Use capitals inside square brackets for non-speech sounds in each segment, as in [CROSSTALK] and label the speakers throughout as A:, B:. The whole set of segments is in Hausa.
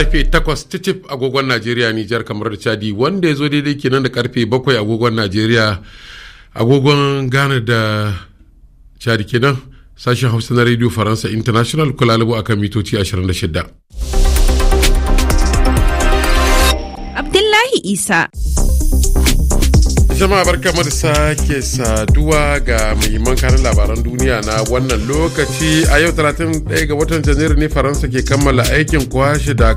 A: karfe 8 titif agogon Najeriya Nijar kamar da Chadi wanda ya zo daidai kenan da karfe 7 agogon Najeriya agogon Ghana da Chadi kenan sashen Hausa na Radio Faransa International kula labu akan mitoci 26. Abdullahi Isa jama'a barkamu da sake saduwa ga muhimman kanin labaran duniya na wannan lokaci a yau 31 ga watan janairu ne faransa ke kammala aikin kwashe ta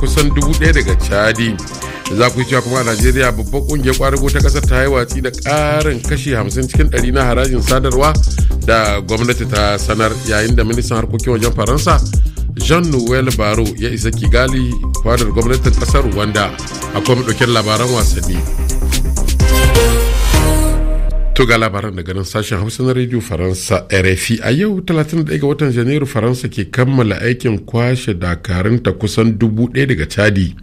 A: kusan 1000 daga chadi za ku yi cewa kuma a najeriya babban kungiyar kwarigo ta kasar ta yi watsi da karin kashi 50 cikin 100 na harajin sadarwa da gwamnati ta sanar yayin da ministan harkokin wajen faransa jean-noel baro ya isa kigali fadar gwamnatin kasar rwanda akwai mu labaran wasanni To ga labaran daga nan sashen Hausa na Radio Faransa RFI a yau 31 ga watan Janairu Faransa ke kammala aikin kwashe dakarunta kusan dubu ɗaya daga Chadi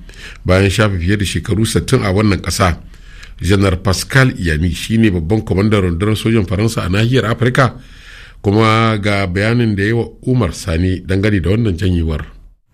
A: bayan shafe fiye da shekaru 60 a wannan ƙasa. Janar Pascal Iyami shine babban kwamandan rundunar sojan Faransa a nahiyar Afirka kuma ga bayanin da yawa Umar Sani dangane da wannan janyewar.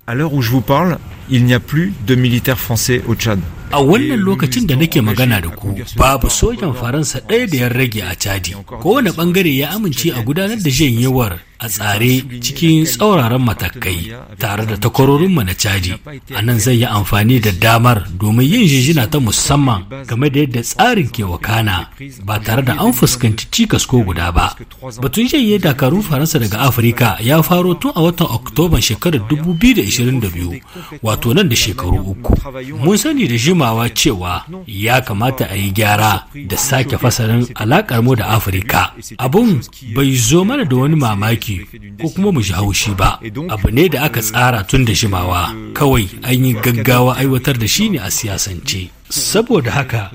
A: À l'heure où je vous parle, il n'y plus de
B: militaires français au Tchad. a wannan lokacin da nake magana da ku babu sojan faransa ɗaya da ya rage a cadi kowane ɓangare ya amince a gudanar da janyewar a tsare cikin tsauraran matakai tare da takwarorinmu na cadi a nan zai yi amfani da damar domin yin jijina ta musamman game da yadda tsarin ke wakana ba tare da an fuskanci cikas ko guda ba batun janye dakarun faransa daga afirka ya faro tun a watan oktoban shekarar 2022 wato nan da shekaru uku mun sani da jim jimawa cewa ya kamata a yi gyara da sake fasalin alakar mu da afirka abun bai zo mana da wani mamaki ko kuma mu shi haushi ba abu ne da aka tsara tun da jimawa kawai an yi gaggawa aiwatar da shi ne a siyasance saboda haka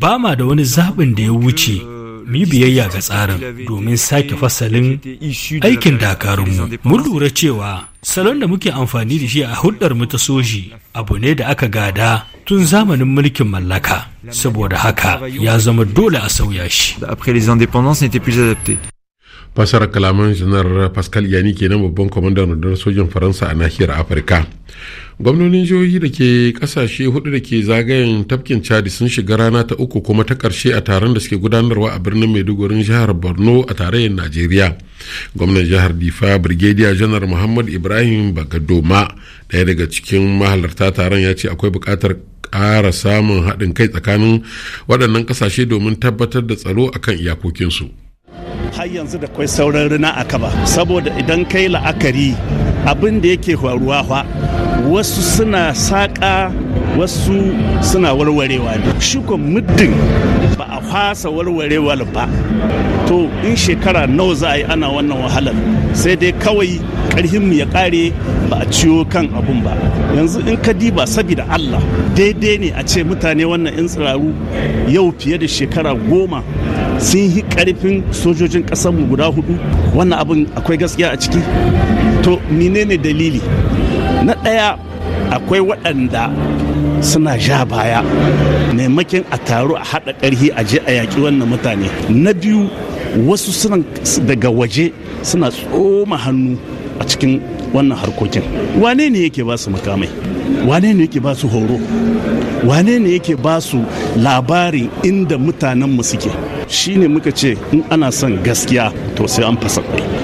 B: ba ma da wani zaɓin da ya wuce mu yi biyayya ga tsarin domin sake fasalin aikin dakarunmu mun lura cewa salon da muke amfani da shi a hulɗar mu ta soji abu ne da aka gada tun zamanin mulkin mallaka saboda haka ya zama dole a sauya
A: shi fasarar kalaman janar pascal yani kenan babban kwamandan rundunar sojin faransa a nahiyar afirka gwamnonin jihohi da ke kasashe hudu da ke zagayen tafkin chadi sun shiga rana ta uku kuma ta karshe a taron da suke gudanarwa a birnin maidugurin jihar borno a tarayyar najeriya gwamnan jihar difa brigadier janar muhammad ibrahim bagadoma daya daga cikin mahalarta taron ya ce akwai bukatar kara samun haɗin kai tsakanin waɗannan kasashe domin tabbatar da tsaro akan iyakokinsu
C: har yanzu da kwai sauran rina a kaba saboda idan kai la'akari abin da yake faruwa fa wasu suna saƙa wasu suna warwarewa ne shukon muddin ba a fasa warwarewa ba to in shekara nawa za a yi ana wannan wahalar sai dai kawai mu ya ƙare ba a ciwo kan abun ba yanzu in ka diba saboda allah daidai ne a ce mutane wannan in tsiraru yau fiye da shekara goma sun yi karfin sojojin ƙasarmu guda hudu wannan abin akwai gaskiya a ciki to menene dalili na ɗaya akwai waɗanda suna ja baya maimakin a taru a haɗa ƙarfi a je a yaƙi wannan mutane na biyu wasu suna daga waje suna tsoma hannu a cikin wannan harkokin wane ne yake ba su makamai wane ne yake ba su horo wane ne yake ba su labarin inda mutanenmu suke shine muka ce in ana son gaskiya to sai an fasa kwai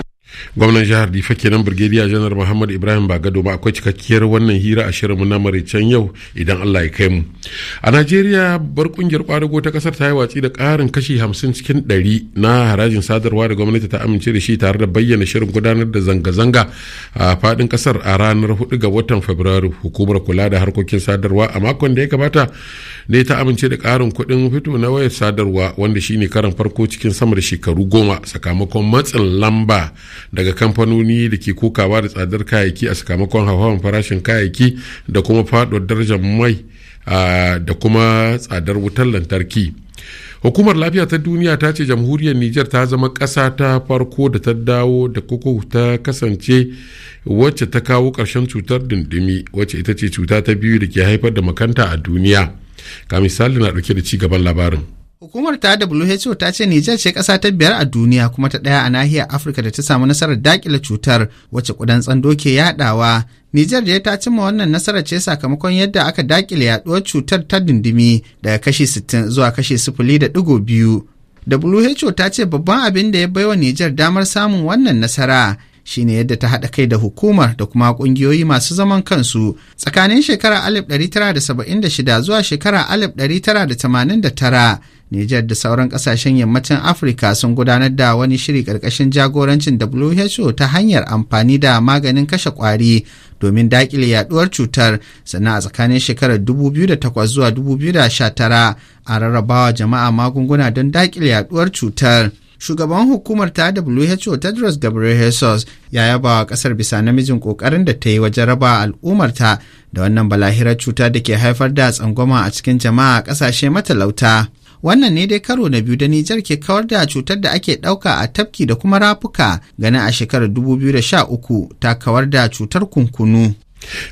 C: gwamnan jihar difa
A: kenan birgediya janar muhammad ibrahim bagado ba akwai cikakkiyar wannan hira a shirin mu na maraicen yau idan allah ya kai mu a najeriya bar kungiyar kwadago ta kasar ta yi watsi da karin kashi hamsin cikin ɗari na harajin sadarwa da gwamnati ta amince da shi tare da bayyana shirin gudanar da zanga-zanga a fadin kasar a ranar 4 ga watan fabrairu hukumar kula da harkokin sadarwa a makon da ya gabata ne ta amince da karin kuɗin fito na wayar sadarwa wanda shine karan farko cikin sama da shekaru goma sakamakon matsin lamba da daga kamfanoni da ke kokawa da tsadar kayayyaki a sakamakon hauhawar farashin kayayyaki da kuma faɗuwar darajar mai da kuma tsadar wutar lantarki hukumar lafiya ta duniya ta ce jamhuriyar niger ta zama ƙasa ta farko da ta dawo da koko ta kasance wacce ta kawo ƙarshen cutar dindimi wacce ita ce cuta ta biyu da ke haifar da makanta a duniya ga misali na ɗauke da ci gaban labarin
D: Hukumar ta WHO ta ce Nijar ce ƙasa ta biyar a duniya kuma ta ɗaya a nahiyar Afirka da ta samu nasarar daƙile cutar wacce kudan tsando ke yaɗawa. Nijar dai ta cimma wannan nasarar ce sakamakon yadda aka daƙile yaɗuwar cutar ta dindimi daga kashi 60 zuwa kashi 0.2. WHO ta ce babban abin da ya baiwa Nijar damar samun wannan nasara shine yadda ta haɗa kai da hukumar da kuma ƙungiyoyi masu zaman kansu tsakanin shekara 1976 zuwa shekara 1989 Nijar da sauran kasashen yammacin Afirka sun gudanar da wani shiri ƙarƙashin jagorancin WHO ta hanyar amfani da maganin kashe ƙwari domin daƙile yaduwar cutar sannan a tsakanin shekarar 2008 zuwa 2019 a rarrabawa jama'a magunguna don daƙile yaduwar cutar. Shugaban hukumar ta WHO Tedros Ghebreyesus ya yaba wa kasar bisa namijin kokarin da ta yi wajen raba al'ummarta da wannan balahirar cuta da ke haifar da tsangwama a cikin jama'a kasashe matalauta. wannan ne dai karo na biyu da nijar ke kawar da cutar da ake ɗauka a tafki da kuma rafuka ganin a shekarar 2013 ta kawar da cutar kunkunu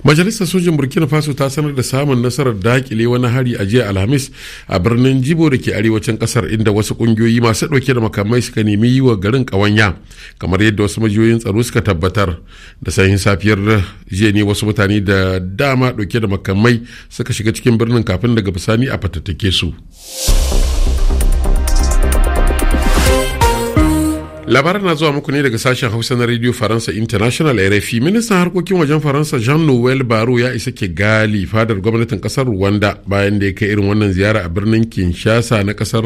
D: majalisar sojin burkina faso ta sanar da samun
A: nasarar dakile wani hari a jiya alhamis a birnin jibo da ke arewacin kasar inda wasu kungiyoyi masu dauke da makamai suka nemi yi wa garin kawanya kamar yadda wasu majiyoyin tsaro suka tabbatar da sahin safiyar jiya ne wasu mutane da dama dauke da makamai suka shiga cikin birnin kafin daga bisani a fatattake su labaran na zuwa muku ne daga sashen hausa na radio faransa international rfi ministan harkokin wajen faransa jean noel baro ya isa ke gali fadar gwamnatin kasar rwanda bayan da ya kai irin wannan ziyara a birnin kinshasa na kasar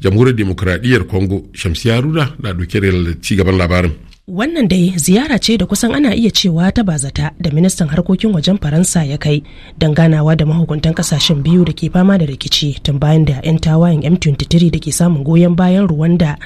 A: jamhuriyar demokradiyyar congo shamsiya haruna na dauke da gaban labarin
E: Wannan dai ziyara ce da kusan ana iya cewa ta bazata da ministan harkokin wajen Faransa ya kai don ganawa da mahukuntan kasashen biyu da ke fama da rikici tun bayan da 'yan tawayen M23 da ke samun goyon bayan Rwanda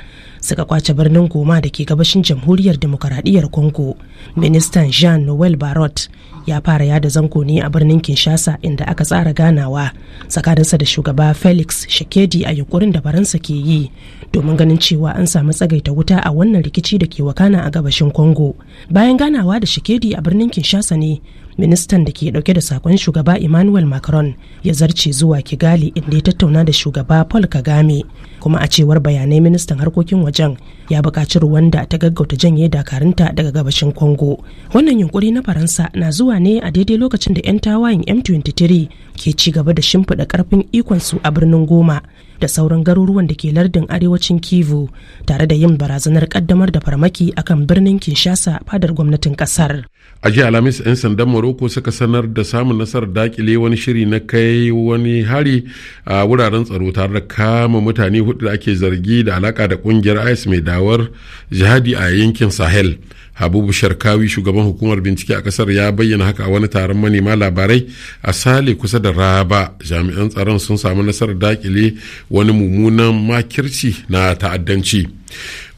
E: suka kwace birnin goma da ke gabashin jamhuriyar demokaradiyyar congo ministan jean noel barot ya fara yada zango ne a birnin kinshasa inda aka tsara ganawa tsakaninsa da shugaba felix shakedi a yunkurin da faransa ke yi domin ganin cewa an samu tsagaita wuta a wannan rikici da ke wakana a gabashin congo bayan ganawa da shakedi a birnin kinshasa ne ministan da ke dauke da sakon shugaba emmanuel macron ya zarce zuwa kigali inda ya tattauna da shugaba paul kagame kuma a cewar bayanai ministan harkokin wajen ya buƙaci rwanda ta gaggauta janye dakarunta daga gabashin congo wannan yunkuri na faransa na zuwa ne a daidai lokacin da 'yan tawayen m23 ke ci gaba da shimfiɗa ƙarfin ikonsu a birnin goma da sauran garuruwan da ke lardin arewacin kivu tare da yin barazanar kaddamar da farmaki akan birnin kinshasa fadar gwamnatin kasar
A: a jiya alhamis 'yan sandan morocco suka sanar da samun nasarar dakile wani shiri na kai wani hari a wuraren tsaro tare da kama mutane hudu da ake zargi da alaka da kungiyar is mai dawar jihadi a yankin sahel habubu sharkawi shugaban hukumar bincike a kasar ya bayyana haka a wani taron manema labarai a sale kusa da raba jami'an tsaron sun samu nasarar dakile wani mummunan makirci na ta'addanci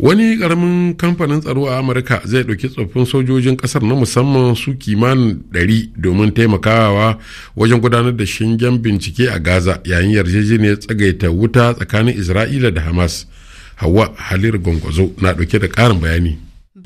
A: wani karamin kamfanin tsaro a amurka zai ɗauki tsoffin sojojin ƙasar na musamman su kimanin 100 domin taimakawa wajen gudanar da shingen bincike a gaza yayin yarjejeniyar tsagaita wuta tsakanin isra'ila da hamas hawa halir gwangwazo na ɗauke da ƙarin bayani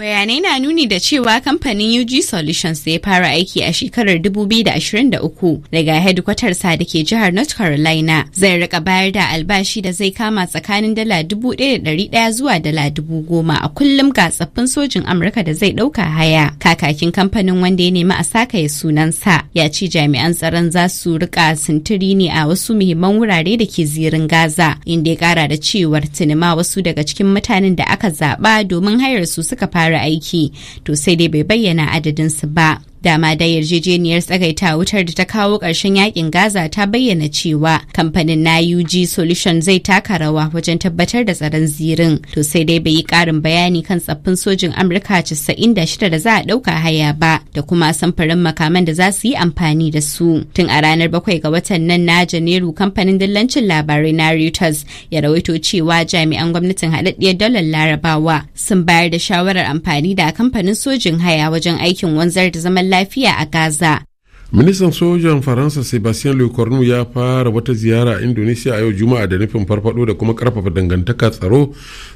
F: Bayanai na nuni da cewa kamfanin UG Solutions ya fara aiki a shekarar 2023 daga hedkwatarsa da ke jihar North Carolina zai rika bayar da albashi da zai kama tsakanin dala 1,100 zuwa dala 10,000 a kullum ga tsaffin sojin Amurka da zai dauka haya. Kakakin kamfanin wanda ya nemi a sakaye sunansa ya ce jami'an tsaron za su rika sintiri ne a wasu muhimman wurare da ke zirin Gaza inda ya kara da cewar tunima wasu daga cikin mutanen da aka zaba domin hayar su suka fara fara aiki to sai dai bai bayyana adadinsu ba Dama da yarjejeniyar tsagaita wutar da ta kawo ƙarshen yakin Gaza ta bayyana cewa kamfanin na UG Solution zai taka rawa wajen tabbatar da tsaron zirin. To sai dai bai yi ƙarin bayani kan tsaffin sojin Amurka 96 da za a ɗauka haya ba da kuma samfurin makaman da za su yi amfani da su. Tun a ranar bakwai ga watan nan na Janairu kamfanin dillancin labarai na Reuters ya rawaito cewa jami'an gwamnatin haɗaɗɗiyar dalar Larabawa sun bayar da shawarar amfani da kamfanin sojin haya wajen aikin wanzar da zaman lafiya a Gaza.
A: Ministan sojan Faransa Sebastien Lecornu ya fara wata ziyara a Indonesia a yau Juma'a da nufin farfado da kuma karfafa dangantaka tsaro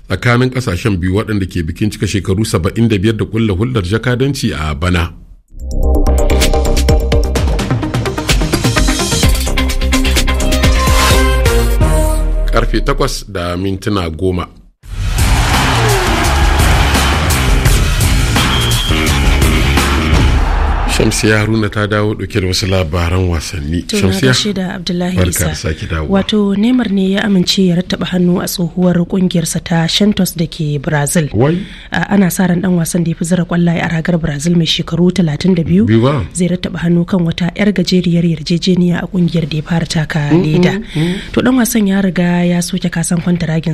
A: tsakanin kasashen biyu waɗanda ke bikin cika shekaru 75 da kulla hulɗar jakadanci a bana. Karfe 8 da mintuna goma. Shamsiya Haruna ta dawo dauke da wasu labaran wasanni. Shamsiya
E: da Abdullahi Isa. Wato Neymar ne ya amince ya rattaba hannu a tsohuwar kungiyarsa ta Santos da ke Brazil. Wai. Ana sa ran dan wasan da ya fi zira kwallaye a ragar Brazil mai shekaru 32. Zai rattaba hannu kan wata yar gajeriyar yarjejeniya a kungiyar da ya fara taka mm, mm, leda. Mm. To dan wasan ya riga ya soke kasan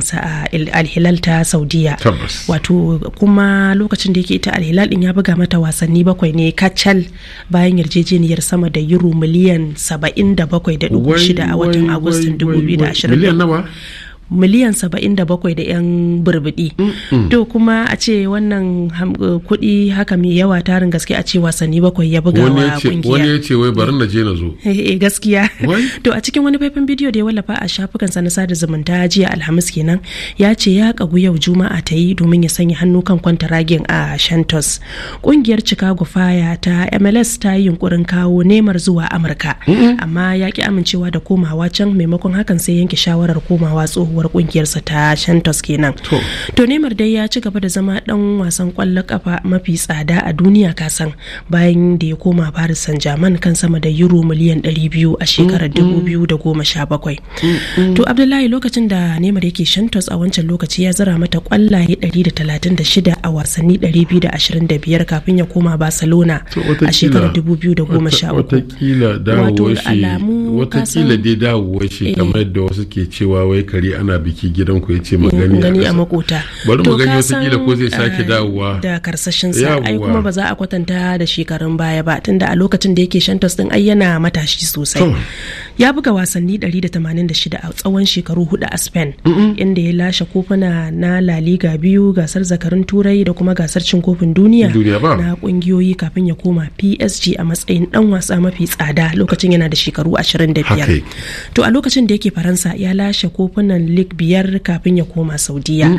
E: sa a Al ta Saudiya. Tabbas. Wato kuma lokacin da yake ita Al din ya buga mata wasanni bakwai ne kacal bayan yarjejeniyar sama da euro miliyan 77.6 a watan agustin 2020 miliyan nawa miliyan saba'in da 'yan burbudi mm. to kuma a ce wannan eh, kuɗi haka mai yawa tarin gaske a ce wasanni bakwai ya buga wa wani ya
A: ce wai bari na je na zo
E: eh, eh gaskiya [LAUGHS] to a cikin wani faifan bidiyo da ya wallafa a shafukan na sada zumunta jiya alhamis kenan ya ce ya kagu yau juma'a ta yi domin ya sanya hannu kan ragin a shantos kungiyar chicago fire ta mls ta yi yunkurin kawo nemar zuwa amurka amma ya ki amincewa da komawa can maimakon hakan sai yanke shawarar komawa tsohuwa uwar kungiyarsa ta Shantos kenan. To Neymar dai ya ci gaba da zama dan wasan kwallon kafa mafi tsada a duniya kasan bayan da ya koma Paris Saint-Germain kan sama da euro miliyan 200 a shekarar 2017. Mm, mm. mm, to Abdullahi lokacin da Neymar yake Shantos a wancan lokaci ya zara mata kwallaye 136 a wasanni 225 kafin ya koma Barcelona a shekarar 2017
A: Watakila dai dawowar shi eh. kamar da wasu ke cewa wai kare ana kuna biki gidanku ya ce magani a
E: makota bari mu gani wasu kila ko zai sake dawowa da karsashin sa ai kuma ba za a kwatanta da shekarun baya ba tunda a lokacin da yake shan tos din ai yana matashi sosai ya buga wasanni 186 a tsawon shekaru hudu a spain inda ya lashe kofuna na la liga biyu gasar zakarun turai da kuma gasar cin kofin duniya na kungiyoyi kafin ya koma psg a matsayin dan wasa mafi tsada lokacin yana da shekaru 25 to a lokacin da yake faransa ya lashe kofunan league biyar kafin ya koma saudiya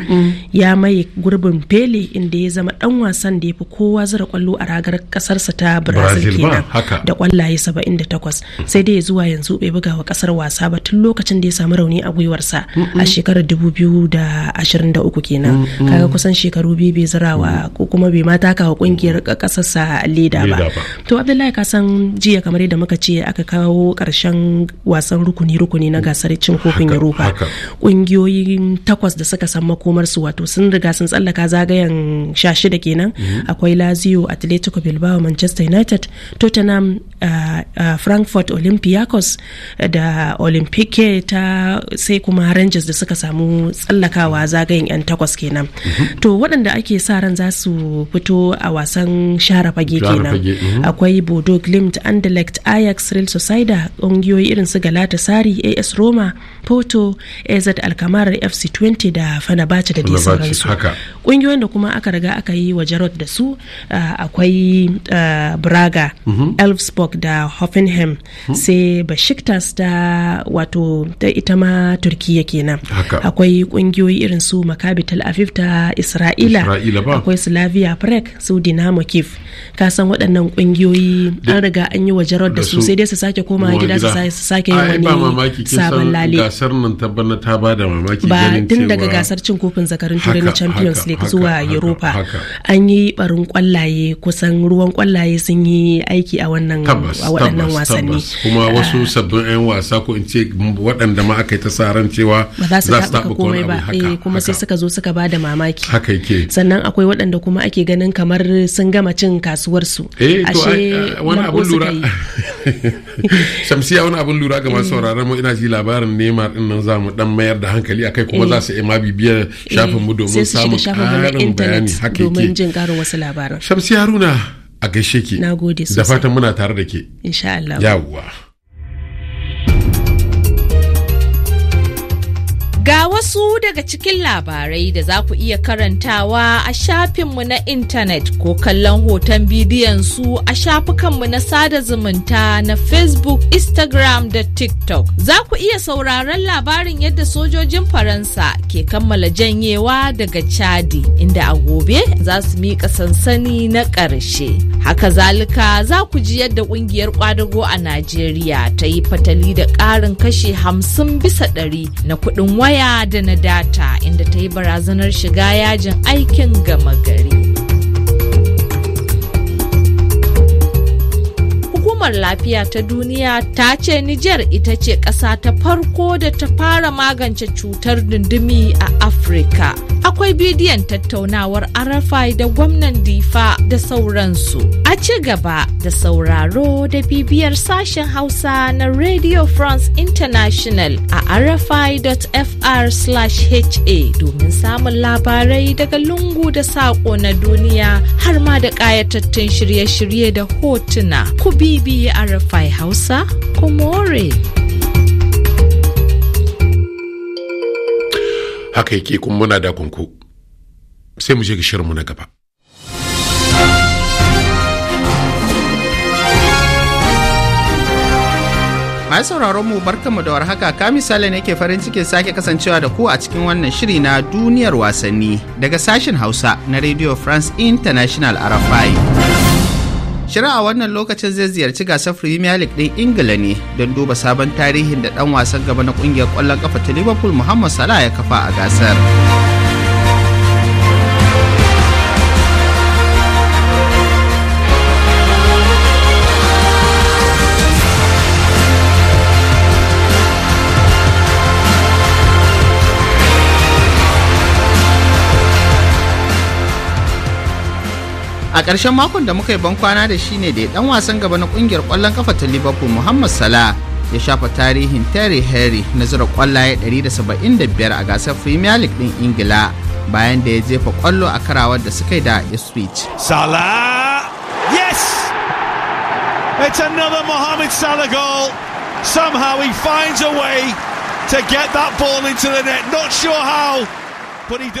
E: ya maye gurbin pele inda ya zama dan wasan da ya fi kowa zira kwallo a ragar kasarsa ta brazil kenan da kwallaye 78 mm. sai dai zuwa yanzu bai buga wa kasar wasa ba tun lokacin da ya samu rauni a gwiwarsa a shekarar 2023 kenan kaga kusan shekaru biyu bai zirawa ko kuma bai ma taka wa kungiyar kasarsa leda ba to abdullahi ka san jiya kamar yadda muka ce aka kawo karshen wasan rukuni rukuni na gasar cin kofin Yoruba kungiyoyin takwas da suka san makomar su wato sun riga sun tsallaka zagayen 16 kenan mm-hmm. akwai lazio atletico bilbao manchester united tottenham uh, uh, frankfurt olympiacos da olympique ta sai kuma rangers da suka samu tsallakawa zagayen 'yan takwas kenan mhm. to waɗanda ake sa ran za su fito a wasan share fage kenan mhm. akwai bodo glimt andelect ajax real sociedad ƙungiyoyi irin su Galata Sari as roma porto az alkamar fc 20 da Fenerbahce da dai sauransu ƙungiyoyin da kuma aka riga aka yi wa jarot da su akwai braga mhm. elfsburg da hoffenheim sai bashik sectors da wato da ita ma turkiya kenan akwai kungiyoyi irin su makabi tel aviv ta isra'ila akwai slavia prague su dinamo kiev ka san waɗannan ƙungiyoyi an riga an yi wa jarar da su sai dai su sake koma gida su sake yi wani sabon lale
A: gasar nan tabbana ta ba da mamaki ba tun daga gasar
E: cin kofin zakarun turai na champions league zuwa europa an yi barin kwallaye kusan ruwan kwallaye sun yi aiki a wannan a waɗannan wasanni kuma ah. wasu
A: sabbin 'yan wasa ko in ce waɗanda ma aka yi ta cewa ba za su taɓa komai ba
E: eh, kuma sai suka zo suka ba da mamaki haka sannan akwai waɗanda kuma ake ganin kamar sun gama cin ka kasuwarsu eh, ashe wani abun lura
A: [LAUGHS] shamsiya wani abun lura ga masu sauraron mu ina ji labarin nema din nan zamu dan mayar da hankali akai kuma za eh. su yi ma bibiyar shafin mu eh, domin samun karin bayani haka domin
E: jin karin wasu labaran shamsiya haruna
A: a gaishe ki da fatan muna tare da ke
E: insha Allah
G: yawwa Ga wasu daga cikin labarai da za ku iya karantawa a shafinmu na intanet ko kallon hoton bidiyon su a shafukanmu na sada zumunta na Facebook, Instagram da TikTok. Za ku iya sauraron labarin yadda sojojin Faransa ke kammala janyewa daga Chadi inda a gobe za su miƙa sansani na ƙarshe. Haka zalika za ku ji yadda ƙungiyar ƙwadago a Najeriya ta yi fatali da ƙarin kashe hamsin bisa ɗari na kuɗin waya waya da na data inda ta yi barazanar shiga yajin aikin gama gari. Hukumar lafiya ta duniya ta ce Nijar ita ce ƙasa ta farko da ta fara magance cutar dundumi a Afirka. akwai bidiyon tattaunawar arafai da gwamnan difa da sauransu a ci gaba da sauraro da bibiyar sashen hausa na radio france international a arafai.fr/ha domin samun labarai daga lungu da saƙo na duniya har ma da ƙayatattun shirye-shirye da hotuna ku bibiye arafai hausa ku more
A: haka yake kuma muna da kunku sai mu je ga shirinmu na gaba
D: masu sauraron mu barkanmu da warhaka ka misali ne ke farin cikin sake kasancewa da ku a cikin wannan shiri na duniyar wasanni daga sashen hausa na radio france international a Rafai. a wannan lokacin zai ziyarci gasar Premier League ɗin Ingila ne don duba sabon tarihin da ɗan wasan gaba na ƙungiyar ƙwallon ƙafa ta Liverpool Muhammad Salah ya kafa a gasar. a ƙarshen makon da muka yi bankwana da shi ne da ɗan wasan gaba na ƙungiyar ƙwallon kafa ta liverpool muhammad salah ya shafa tarihin terry harry na zura ƙwallaye 175 a gasar premier league ɗin ingila bayan da ya jefa ƙwallo a karawar da suka yi da ipswich salah
C: yes it's another mohamed salah goal somehow he finds a way to get that ball into the net not sure how but he